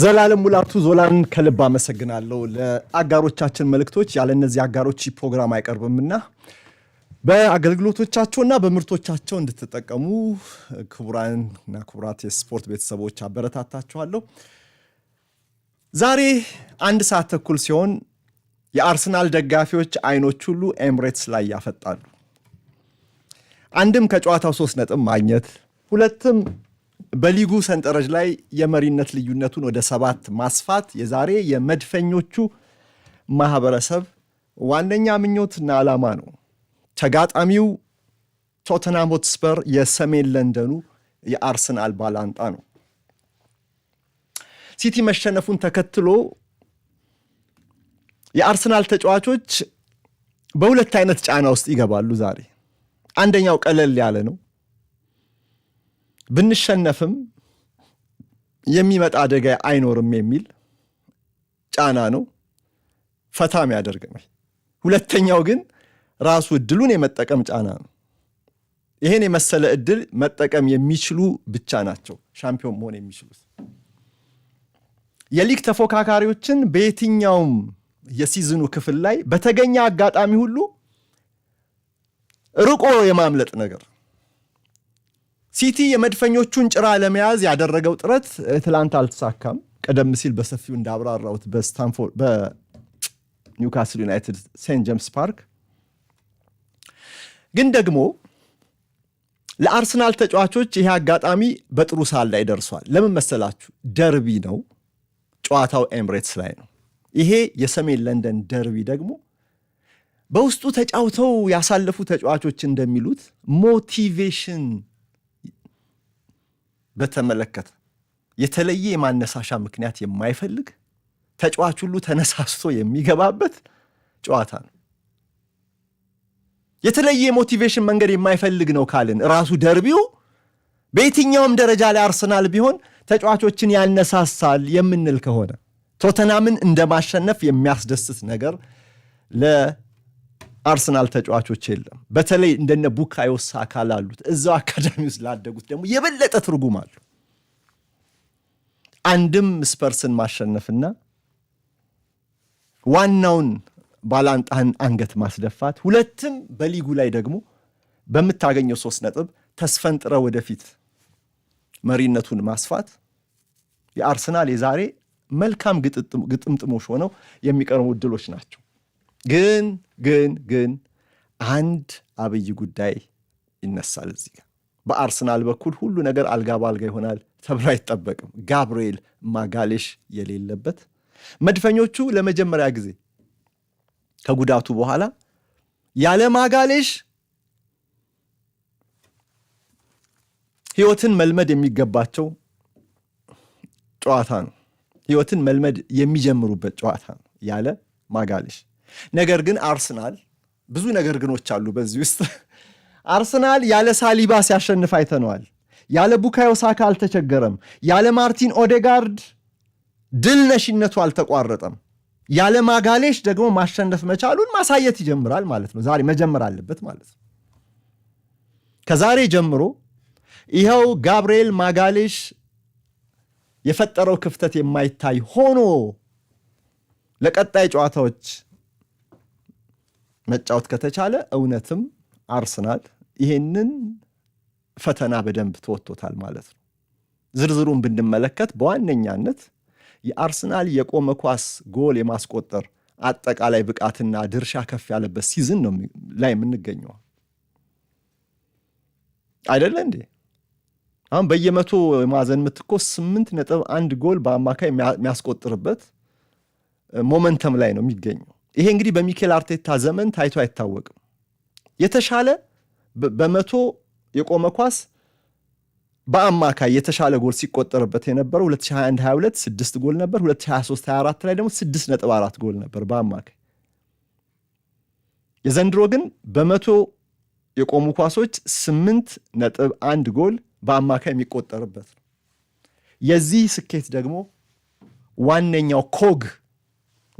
ዘላለም ሙላቱ ዞላን ከልብ አመሰግናለሁ። ለአጋሮቻችን መልእክቶች፣ ያለ እነዚህ አጋሮች ፕሮግራም አይቀርብምና በአገልግሎቶቻቸውና በምርቶቻቸው እንድትጠቀሙ ክቡራንና ክቡራት የስፖርት ቤተሰቦች አበረታታችኋለሁ። ዛሬ አንድ ሰዓት ተኩል ሲሆን የአርሰናል ደጋፊዎች አይኖች ሁሉ ኤምሬትስ ላይ ያፈጣሉ። አንድም ከጨዋታው ሶስት ነጥብ ማግኘት ሁለትም በሊጉ ሰንጠረዥ ላይ የመሪነት ልዩነቱን ወደ ሰባት ማስፋት የዛሬ የመድፈኞቹ ማህበረሰብ ዋነኛ ምኞትና ዓላማ ነው። ተጋጣሚው ቶተንሃም ሆትስፐር የሰሜን ለንደኑ የአርሰናል ባላንጣ ነው። ሲቲ መሸነፉን ተከትሎ የአርሰናል ተጫዋቾች በሁለት አይነት ጫና ውስጥ ይገባሉ ዛሬ። አንደኛው ቀለል ያለ ነው። ብንሸነፍም የሚመጣ አደጋ አይኖርም የሚል ጫና ነው ፈታም ያደርገናል። ሁለተኛው ግን ራሱ እድሉን የመጠቀም ጫና ነው። ይሄን የመሰለ እድል መጠቀም የሚችሉ ብቻ ናቸው ሻምፒዮን መሆን የሚችሉት። የሊግ ተፎካካሪዎችን በየትኛውም የሲዝኑ ክፍል ላይ በተገኘ አጋጣሚ ሁሉ ርቆ የማምለጥ ነገር ሲቲ የመድፈኞቹን ጭራ ለመያዝ ያደረገው ጥረት ትላንት አልተሳካም። ቀደም ሲል በሰፊው እንዳብራራሁት በስታንፎርድ በኒውካስል ዩናይትድ ሴንት ጀምስ ፓርክ ግን ደግሞ ለአርሰናል ተጫዋቾች ይሄ አጋጣሚ በጥሩ ሳል ላይ ደርሷል። ለምን መሰላችሁ? ደርቢ ነው። ጨዋታው ኤምሬትስ ላይ ነው። ይሄ የሰሜን ለንደን ደርቢ ደግሞ በውስጡ ተጫውተው ያሳለፉ ተጫዋቾች እንደሚሉት ሞቲቬሽን በተመለከተ የተለየ የማነሳሻ ምክንያት የማይፈልግ ተጫዋች ሁሉ ተነሳስቶ የሚገባበት ጨዋታ ነው። የተለየ የሞቲቬሽን መንገድ የማይፈልግ ነው ካልን ራሱ ደርቢው በየትኛውም ደረጃ ላይ አርሰናል ቢሆን ተጫዋቾችን ያነሳሳል የምንል ከሆነ ቶተናምን እንደማሸነፍ የሚያስደስት ነገር ለ አርሰናል ተጫዋቾች የለም። በተለይ እንደነ ቡካዮ ሳካ ላሉት እዛው አካዳሚ ውስጥ ላደጉት ደግሞ የበለጠ ትርጉም አለው። አንድም ስፐርስን ማሸነፍና ዋናውን ባላንጣህን አንገት ማስደፋት፣ ሁለትም በሊጉ ላይ ደግሞ በምታገኘው ሶስት ነጥብ ተስፈንጥረ ወደፊት መሪነቱን ማስፋት የአርሰናል የዛሬ መልካም ግጥምጥሞች ሆነው የሚቀርቡ እድሎች ናቸው። ግን ግን ግን አንድ አብይ ጉዳይ ይነሳል እዚህ ጋር። በአርሰናል በኩል ሁሉ ነገር አልጋ በአልጋ ይሆናል ተብሎ አይጠበቅም። ጋብርኤል ማጋሌሽ የሌለበት መድፈኞቹ ለመጀመሪያ ጊዜ ከጉዳቱ በኋላ ያለ ማጋሌሽ ህይወትን መልመድ የሚገባቸው ጨዋታ ነው። ህይወትን መልመድ የሚጀምሩበት ጨዋታ ነው ያለ ማጋሌሽ ነገር ግን አርሰናል ብዙ ነገር ግኖች አሉ በዚህ ውስጥ። አርሰናል ያለ ሳሊባ ሲያሸንፍ አይተነዋል። ያለ ቡካዮ ሳካ አልተቸገረም። ያለ ማርቲን ኦዴጋርድ ድል ነሽነቱ አልተቋረጠም። ያለ ማጋሌሽ ደግሞ ማሸነፍ መቻሉን ማሳየት ይጀምራል ማለት ነው። ዛሬ መጀመር አለበት ማለት ነው። ከዛሬ ጀምሮ ይኸው ጋብርኤል ማጋሌሽ የፈጠረው ክፍተት የማይታይ ሆኖ ለቀጣይ ጨዋታዎች መጫወት ከተቻለ እውነትም አርሰናል ይሄንን ፈተና በደንብ ተወጥቶታል ማለት ነው። ዝርዝሩን ብንመለከት በዋነኛነት የአርሰናል የቆመ ኳስ ጎል የማስቆጠር አጠቃላይ ብቃትና ድርሻ ከፍ ያለበት ሲዝን ነው ላይ የምንገኘው አይደለ እንዴ? አሁን በየመቶ ማዕዘን ምት እኮ ስምንት ነጥብ አንድ ጎል በአማካይ የሚያስቆጥርበት ሞመንተም ላይ ነው የሚገኘው። ይሄ እንግዲህ በሚኬል አርቴታ ዘመን ታይቶ አይታወቅም። የተሻለ በመቶ የቆመ ኳስ በአማካይ የተሻለ ጎል ሲቆጠርበት የነበረው 2021/22 ስድስት ጎል ነበር። 2023/24 ላይ ደግሞ 4 ጎል ነበር በአማካይ። የዘንድሮ ግን በመቶ የቆሙ ኳሶች 8.1 ጎል በአማካይ የሚቆጠርበት ነው። የዚህ ስኬት ደግሞ ዋነኛው ኮግ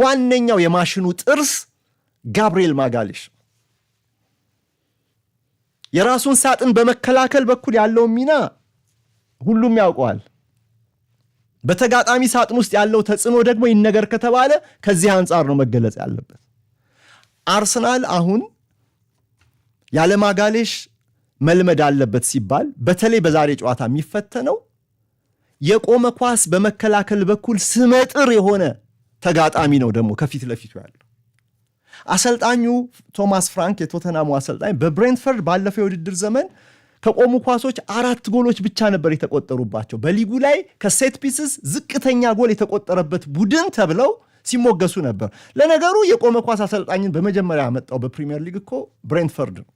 ዋነኛው የማሽኑ ጥርስ ጋብርኤል ማጋሌሽ የራሱን ሳጥን በመከላከል በኩል ያለው ሚና ሁሉም ያውቀዋል። በተጋጣሚ ሳጥን ውስጥ ያለው ተጽዕኖ ደግሞ ይህን ነገር ከተባለ ከዚህ አንጻር ነው መገለጽ ያለበት። አርሰናል አሁን ያለ ማጋሌሽ መልመድ አለበት ሲባል በተለይ በዛሬ ጨዋታ የሚፈተነው የቆመ ኳስ በመከላከል በኩል ስመጥር የሆነ ተጋጣሚ ነው ደግሞ ከፊት ለፊቱ ያለው። አሰልጣኙ ቶማስ ፍራንክ የቶተናሙ አሰልጣኝ በብሬንትፈርድ ባለፈው የውድድር ዘመን ከቆሙ ኳሶች አራት ጎሎች ብቻ ነበር የተቆጠሩባቸው። በሊጉ ላይ ከሴት ፒስስ ዝቅተኛ ጎል የተቆጠረበት ቡድን ተብለው ሲሞገሱ ነበር። ለነገሩ የቆመ ኳስ አሰልጣኝን በመጀመሪያ ያመጣው በፕሪሚየር ሊግ እኮ ብሬንትፈርድ ነው።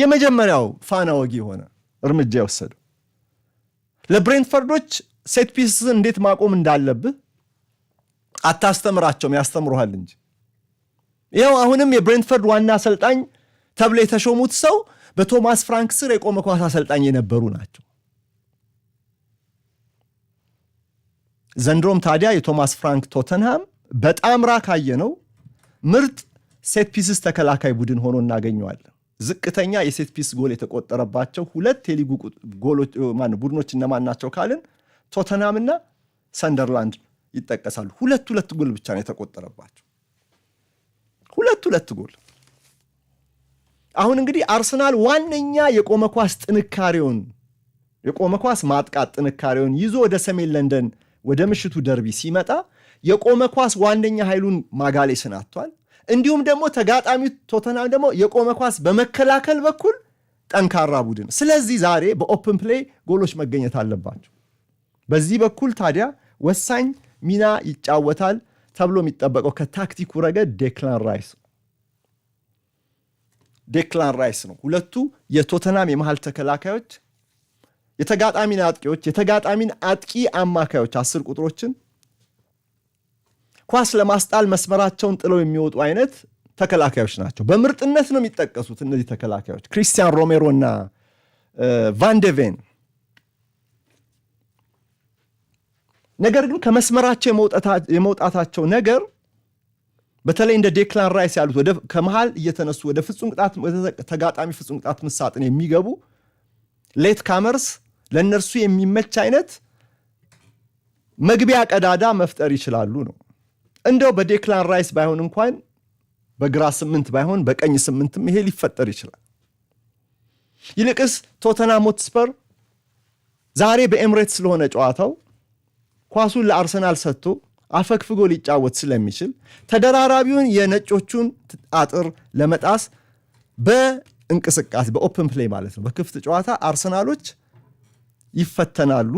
የመጀመሪያው ፋና ወጊ የሆነ እርምጃ የወሰደው ለብሬንትፈርዶች ሴት ፒስስን እንዴት ማቆም እንዳለብህ አታስተምራቸውም፣ ያስተምሩሃል እንጂ። ይኸው አሁንም የብሬንትፈርድ ዋና አሰልጣኝ ተብሎ የተሾሙት ሰው በቶማስ ፍራንክ ስር የቆመ ኳስ አሰልጣኝ የነበሩ ናቸው። ዘንድሮም ታዲያ የቶማስ ፍራንክ ቶተንሃም በጣም ራ ነው ምርጥ ሴት ፒስስ ተከላካይ ቡድን ሆኖ እናገኘዋለን። ዝቅተኛ የሴት ፒስ ጎል የተቆጠረባቸው ሁለት የሊጉ ቡድኖች እነማን ናቸው ካልን ቶተንሃምና ሰንደርላንድ ይጠቀሳሉ። ሁለት ሁለት ጎል ብቻ ነው የተቆጠረባቸው። ሁለት ሁለት ጎል። አሁን እንግዲህ አርሰናል ዋነኛ የቆመ ኳስ ጥንካሬውን የቆመ ኳስ ማጥቃት ጥንካሬውን ይዞ ወደ ሰሜን ለንደን ወደ ምሽቱ ደርቢ ሲመጣ የቆመ ኳስ ዋነኛ ኃይሉን ማጋሌስን አጥቷል። እንዲሁም ደግሞ ተጋጣሚ ቶተናም ደግሞ የቆመ ኳስ በመከላከል በኩል ጠንካራ ቡድን። ስለዚህ ዛሬ በኦፕን ፕሌይ ጎሎች መገኘት አለባቸው። በዚህ በኩል ታዲያ ወሳኝ ሚና ይጫወታል ተብሎ የሚጠበቀው ከታክቲኩ ረገድ ዴክላን ራይስ ዴክላን ራይስ ነው። ሁለቱ የቶተናም የመሀል ተከላካዮች የተጋጣሚን አጥቂዎች የተጋጣሚን አጥቂ አማካዮች አስር ቁጥሮችን ኳስ ለማስጣል መስመራቸውን ጥለው የሚወጡ አይነት ተከላካዮች ናቸው። በምርጥነት ነው የሚጠቀሱት እነዚህ ተከላካዮች ክሪስቲያን ሮሜሮ እና ቫንደቬን ነገር ግን ከመስመራቸው የመውጣታቸው ነገር በተለይ እንደ ዴክላን ራይስ ያሉት ከመሃል እየተነሱ ወደ ፍጹም ቅጣት ተጋጣሚ ፍጹም ቅጣት ምሳጥን የሚገቡ ሌት ካመርስ ለእነርሱ የሚመች አይነት መግቢያ ቀዳዳ መፍጠር ይችላሉ ነው። እንደው በዴክላን ራይስ ባይሆን እንኳን በግራ ስምንት ባይሆን በቀኝ ስምንትም ይሄ ሊፈጠር ይችላል። ይልቅስ ቶተንሃም ሆትስፐር ዛሬ በኤምሬት ስለሆነ ጨዋታው ኳሱን ለአርሰናል ሰጥቶ አፈግፍጎ ሊጫወት ስለሚችል ተደራራቢውን የነጮቹን አጥር ለመጣስ በእንቅስቃሴ በኦፕን ፕሌይ ማለት ነው በክፍት ጨዋታ አርሰናሎች ይፈተናሉ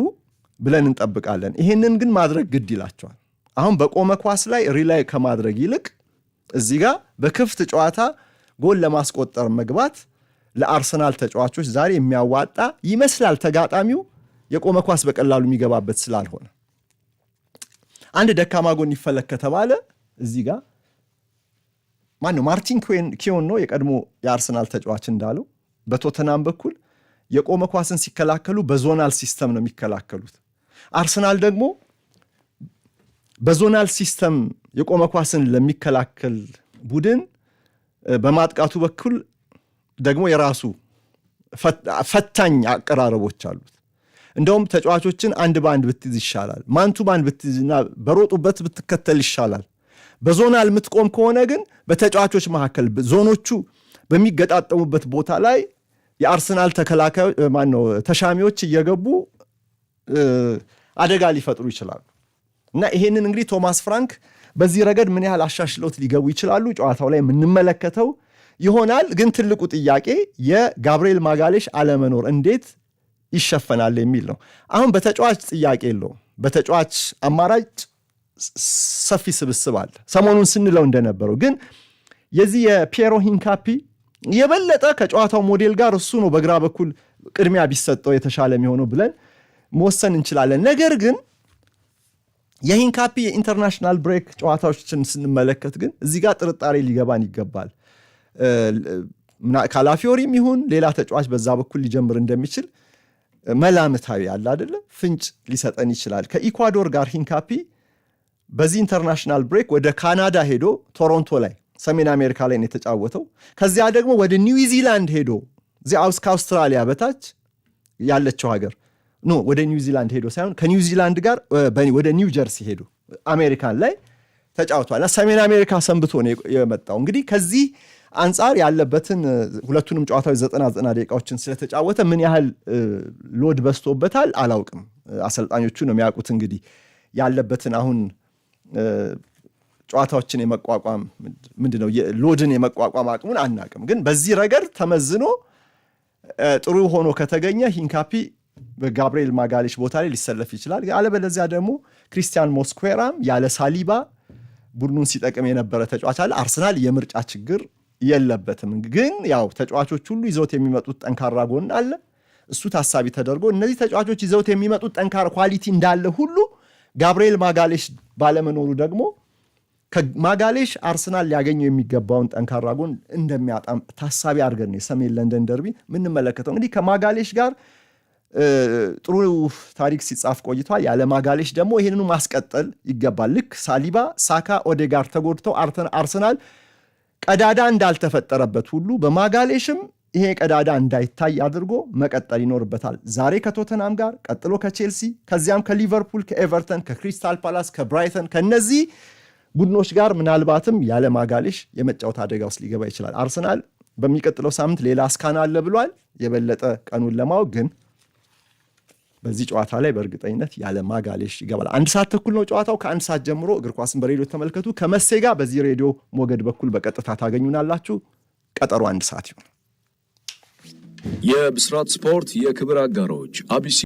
ብለን እንጠብቃለን። ይሄንን ግን ማድረግ ግድ ይላቸዋል። አሁን በቆመ ኳስ ላይ ሪላይ ከማድረግ ይልቅ እዚህ ጋር በክፍት ጨዋታ ጎል ለማስቆጠር መግባት ለአርሰናል ተጫዋቾች ዛሬ የሚያዋጣ ይመስላል። ተጋጣሚው የቆመ ኳስ በቀላሉ የሚገባበት ስላልሆነ አንድ ደካማ ጎን ይፈለግ ከተባለ እዚህ ጋር ማነው ማርቲን ኪዮን ነው የቀድሞ የአርሰናል ተጫዋች እንዳለው በቶተናም በኩል የቆመ ኳስን ሲከላከሉ በዞናል ሲስተም ነው የሚከላከሉት። አርሰናል ደግሞ በዞናል ሲስተም የቆመ ኳስን ለሚከላከል ቡድን በማጥቃቱ በኩል ደግሞ የራሱ ፈታኝ አቀራረቦች አሉት። እንደውም ተጫዋቾችን አንድ በአንድ ብትይዝ ይሻላል። ማንቱ ባንድ ብትይዝና በሮጡበት ብትከተል ይሻላል። በዞናል የምትቆም ከሆነ ግን በተጫዋቾች መካከል ዞኖቹ በሚገጣጠሙበት ቦታ ላይ የአርሰናል ተከላካዮች ማነው ተሻሚዎች እየገቡ አደጋ ሊፈጥሩ ይችላሉ እና ይሄንን እንግዲህ ቶማስ ፍራንክ በዚህ ረገድ ምን ያህል አሻሽለውት ሊገቡ ይችላሉ ጨዋታው ላይ የምንመለከተው ይሆናል። ግን ትልቁ ጥያቄ የጋብርኤል ማጋሌሽ አለመኖር እንዴት ይሸፈናል የሚል ነው። አሁን በተጫዋች ጥያቄ የለውም። በተጫዋች አማራጭ ሰፊ ስብስብ አለ። ሰሞኑን ስንለው እንደነበረው ግን የዚህ የፒየሮ ሂንካፒ የበለጠ ከጨዋታው ሞዴል ጋር እሱ ነው በግራ በኩል ቅድሚያ ቢሰጠው የተሻለ የሚሆነው ብለን መወሰን እንችላለን። ነገር ግን የሂንካፒ የኢንተርናሽናል ብሬክ ጨዋታዎችን ስንመለከት ግን እዚህ ጋር ጥርጣሬ ሊገባን ይገባል። ካላፊዮሪም ይሁን ሌላ ተጫዋች በዛ በኩል ሊጀምር እንደሚችል መላምታዊ አለ አደለ ፍንጭ ሊሰጠን ይችላል። ከኢኳዶር ጋር ሂንካፒ በዚህ ኢንተርናሽናል ብሬክ ወደ ካናዳ ሄዶ ቶሮንቶ ላይ ሰሜን አሜሪካ ላይ ነው የተጫወተው። ከዚያ ደግሞ ወደ ኒውዚላንድ ሄዶ እዚያ ከአውስትራሊያ በታች ያለችው ሀገር ኖ ወደ ኒውዚላንድ ሄዶ ሳይሆን ከኒውዚላንድ ጋር ወደ ኒው ጀርሲ ሄዶ አሜሪካን ላይ ተጫውቷል ሰሜን አሜሪካ ሰንብቶ ነው የመጣው። እንግዲህ ከዚህ አንጻር ያለበትን ሁለቱንም ጨዋታዎች ዘጠና ዘጠና ደቂቃዎችን ስለተጫወተ ምን ያህል ሎድ በስቶበታል አላውቅም። አሰልጣኞቹ ነው የሚያውቁት እንግዲህ ያለበትን አሁን ጨዋታዎችን የመቋቋም ምንድነው ሎድን የመቋቋም አቅሙን አናቅም ግን በዚህ ረገድ ተመዝኖ ጥሩ ሆኖ ከተገኘ ሂንካፒ በጋብርኤል ማጋሌሽ ቦታ ላይ ሊሰለፍ ይችላል። አለበለዚያ ደግሞ ክሪስቲያን ሞስኩዌራም ያለ ሳሊባ ቡድኑን ሲጠቅም የነበረ ተጫዋች አለ። አርሰናል የምርጫ ችግር የለበትም። ግን ያው ተጫዋቾች ሁሉ ይዘውት የሚመጡት ጠንካራ ጎን አለ። እሱ ታሳቢ ተደርጎ እነዚህ ተጫዋቾች ይዘውት የሚመጡት ጠንካራ ኳሊቲ እንዳለ ሁሉ ጋብርኤል ማጋሌሽ ባለመኖሩ ደግሞ ከማጋሌሽ አርሰናል ሊያገኘው የሚገባውን ጠንካራ ጎን እንደሚያጣም ታሳቢ አድርገን የሰሜን ለንደን ደርቢ ምንመለከተው እንግዲህ ከማጋሌሽ ጋር ጥሩ ታሪክ ሲጻፍ ቆይቷል። ያለ ማጋሌሽ ደግሞ ይህንኑ ማስቀጠል ይገባል። ልክ ሳሊባ፣ ሳካ፣ ኦዴጋር ተጎድተው አርሰናል ቀዳዳ እንዳልተፈጠረበት ሁሉ በማጋሌሽም ይሄ ቀዳዳ እንዳይታይ አድርጎ መቀጠል ይኖርበታል። ዛሬ ከቶተናም ጋር ቀጥሎ ከቼልሲ ከዚያም ከሊቨርፑል፣ ከኤቨርተን፣ ከክሪስታል ፓላስ፣ ከብራይተን ከነዚህ ቡድኖች ጋር ምናልባትም ያለ ማጋሌሽ የመጫወት አደጋ ውስጥ ሊገባ ይችላል። አርሰናል በሚቀጥለው ሳምንት ሌላ ስካን አለ ብሏል። የበለጠ ቀኑን ለማወቅ ግን በዚህ ጨዋታ ላይ በእርግጠኝነት ያለ ማጋሌሽ ይገባል። አንድ ሰዓት ተኩል ነው ጨዋታው። ከአንድ ሰዓት ጀምሮ እግር ኳስን በሬዲዮ ተመልከቱ። ከመሴ ጋር በዚህ ሬዲዮ ሞገድ በኩል በቀጥታ ታገኙናላችሁ። ቀጠሮ አንድ ሰዓት ይሁን። የብስራት ስፖርት የክብር አጋሮች አቢሲ